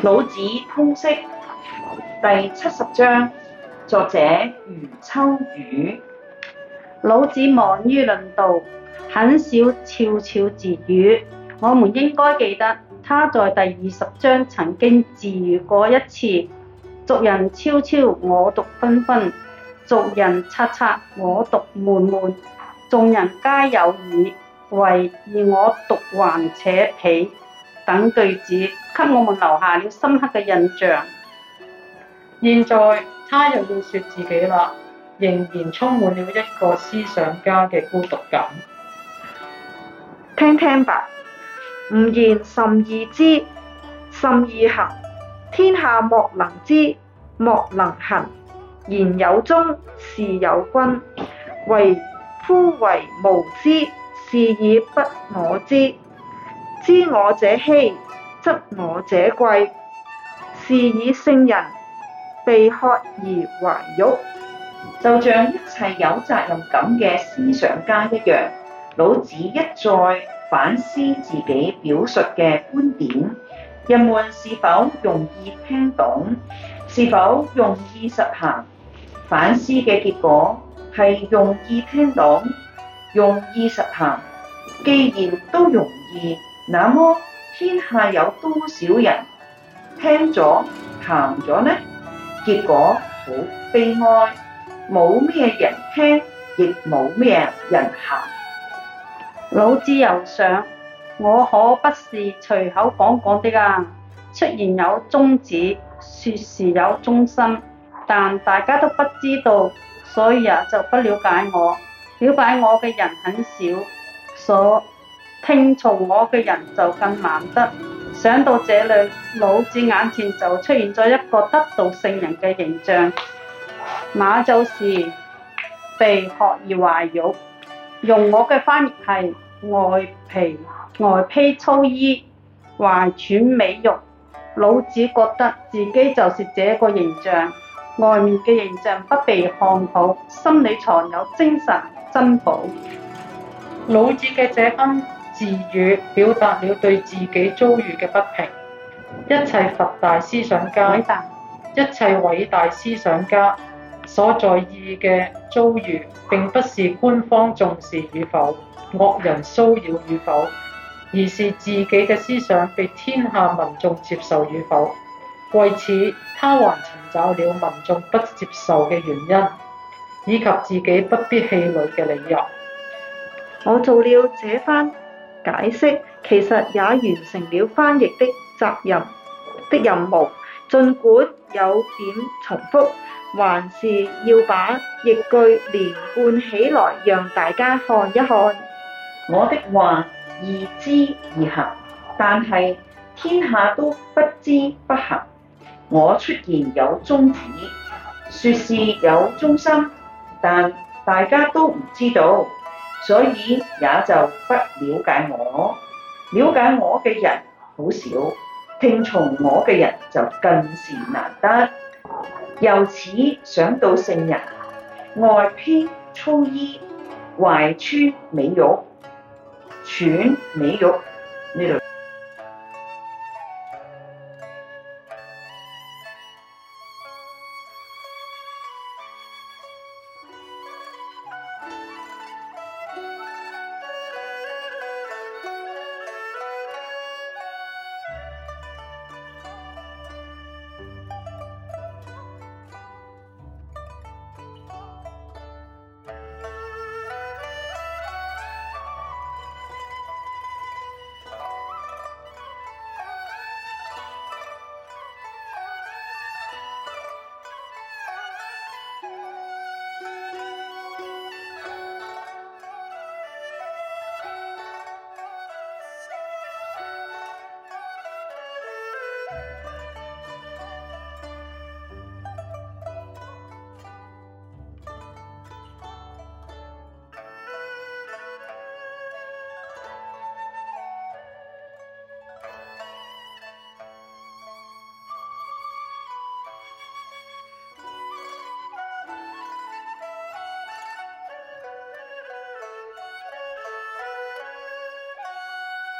老子通釋第七十章，作者余秋雨。老子忙於論道，很少悄悄自語。我們應該記得，他在第二十章曾經自語過一次：俗人悄悄我獨分分，俗人察察我獨悶悶，眾人皆有耳，唯而我獨頑且鄙。等句子給我們留下了深刻嘅印象。現在他又要説自己啦，仍然充滿了一個思想家嘅孤獨感。聽聽吧，吾言甚易知，甚易行，天下莫能知，莫能行。言有宗，事有君，夫唯無知，是以不我知。知我者希，則我者貴。是以聖人被褐而懷玉。就像一切有責任感嘅思想家一樣，老子一再反思自己表述嘅觀點，人們是否容易聽懂，是否容易實行？反思嘅結果係容易聽懂，容易實行。既然都容易，那麼天下有多少人聽咗行咗呢？結果好悲哀，冇咩人聽，亦冇咩人行。老子又想，我可不是隨口講講的啊！出現有宗旨，說是有中心，但大家都不知道，所以也就不了解我，了解我嘅人很少。所聽從我嘅人就更難得。想到這裡，老子眼前就出現咗一個得道聖人嘅形象，那就是被褐而懷玉。用我嘅翻譯係外皮外披粗衣，懷揣美玉。老子覺得自己就是這個形象，外面嘅形象不被看好，心裡藏有精神珍寶。老子嘅這根。自語表達了對自己遭遇嘅不平。一切佛大思想家，一切偉大思想家所在意嘅遭遇，並不是官方重視與否、惡人騷擾與否，而是自己嘅思想被天下民眾接受與否。為此，他還尋找了民眾不接受嘅原因，以及自己不必氣餒嘅理由。我做了這番。解釋其實也完成了翻譯的責任的任務，儘管有點重複，還是要把譯句連貫起來，讓大家看一看。我的話易知易行，但係天下都不知不行。我出言有宗旨，説是有中心，但大家都唔知道。所以也就不了解我，了解我嘅人好少，聽從我嘅人就更是難得。由此想到聖人，外披粗衣，懷揣美玉，揣美玉。